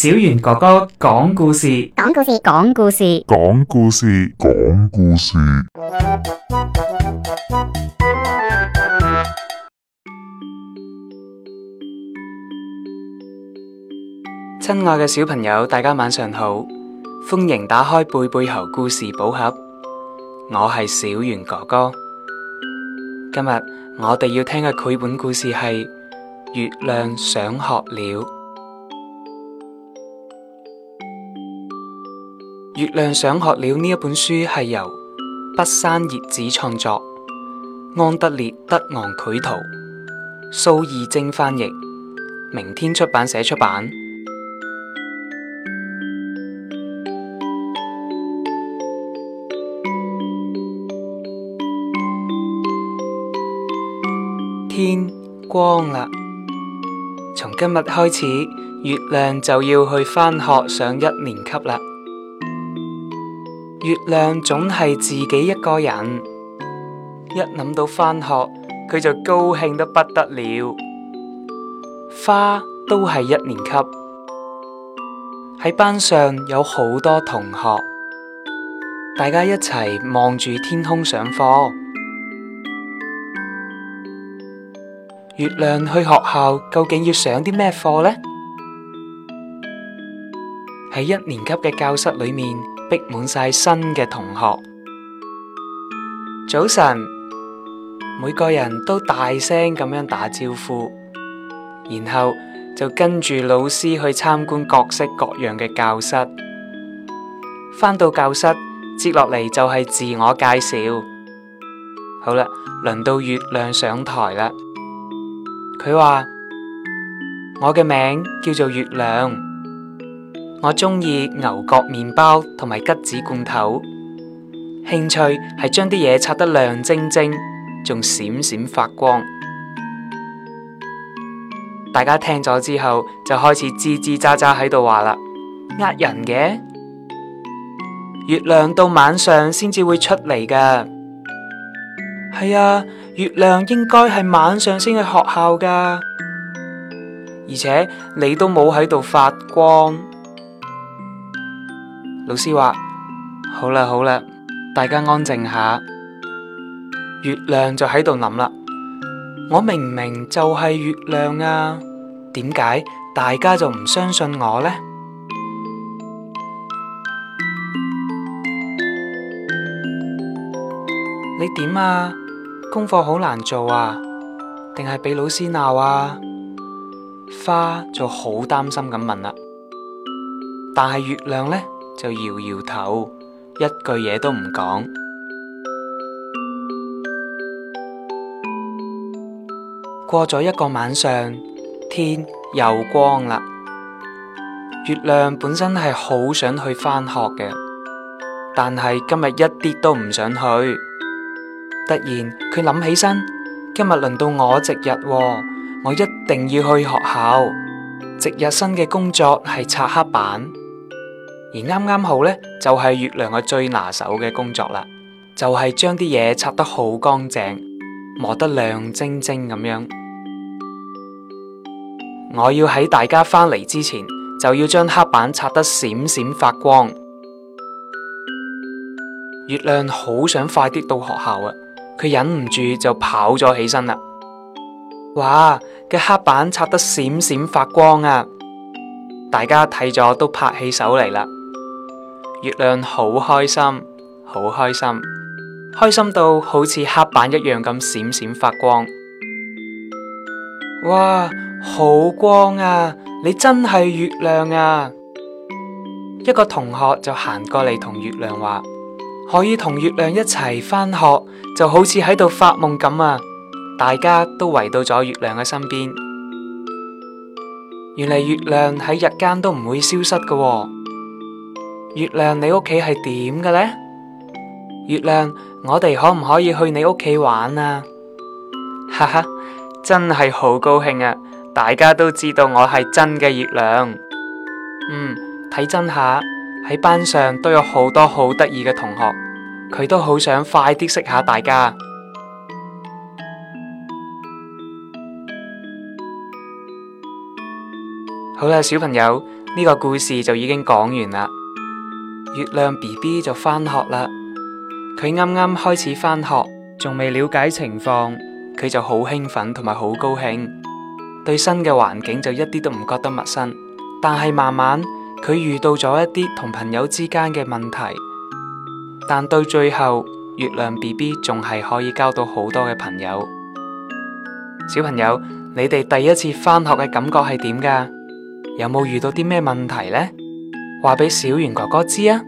小袁哥哥講故事。月亮上學了，呢本書係由北山葉子創作，安德烈德昂繪圖，蘇懿禎翻譯，明天出版社出版。天光啦，從今日開始，月亮就要去返學上一年級啦。月亮總係自己一個人，一諗到返學，佢就高興得不得了。花都係一年級，喺班上有好多同學，大家一齊望住天空上課。月亮去學校究竟要上啲咩課呢？喺一年級嘅教室裏面。逼滿晒新嘅同學。早晨，每個人都大聲咁樣打招呼，然後就跟住老師去參觀各式各樣嘅教室。返到教室，接落嚟就係自我介紹。好啦，輪到月亮上台啦。佢話：我嘅名叫做月亮。我中意牛角麵包同埋橘子罐頭，興趣係將啲嘢擦得亮晶晶，仲閃閃發光。大家聽咗之後就開始吱吱喳喳喺度話啦，呃人嘅月亮到晚上先至會出嚟噶。係啊，月亮應該係晚上先去學校噶，而且你都冇喺度發光。老師話：好啦，好啦，大家安靜下。月亮就喺度諗啦，我明明就係月亮啊，點解大家就唔相信我呢？你點啊？功課好難做啊？定係俾老師鬧啊？花就好擔心咁問啦，但係月亮呢？就搖搖頭，一句嘢都唔講。過咗一個晚上，天又光啦。月亮本身係好想去返學嘅，但係今日一啲都唔想去。突然佢諗起身，今日輪到我值日喎，我一定要去學校。值日生嘅工作係擦黑板。而啱啱好呢，就係、是、月亮嘅最拿手嘅工作啦，就係將啲嘢擦得好乾淨，磨得亮晶晶咁樣。我要喺大家返嚟之前，就要將黑板擦得閃閃發光。月亮好想快啲到學校啊！佢忍唔住就跑咗起身啦。哇！個黑板擦得閃閃發光啊！大家睇咗都拍起手嚟啦！月亮好開心，好開心，開心到好似黑板一樣咁閃閃發光。哇，好光啊！你真係月亮啊！一個同學就行過嚟同月亮話，可以同月亮一齊返學，就好似喺度發夢咁啊！大家都圍到咗月亮嘅身邊。原來月亮喺日間都唔會消失㗎喎。月亮，你屋企係點嘅咧？月亮，我哋可唔可以去你屋企玩啊？哈哈，真係好高興啊！大家都知道我係真嘅月亮。嗯，睇真下喺班上都有好多好得意嘅同學，佢都好想快啲識下大家。好啦，小朋友，呢個故事就已經講完啦。月亮 B B 就返學啦，佢啱啱開始返學，仲未了解情況，佢就好興奮同埋好高興，對新嘅環境就一啲都唔覺得陌生。但係慢慢佢遇到咗一啲同朋友之間嘅問題，但到最後月亮 B B 仲係可以交到好多嘅朋友。小朋友，你哋第一次返學嘅感覺係點噶？有冇遇到啲咩問題呢？話俾小袁哥哥知啊！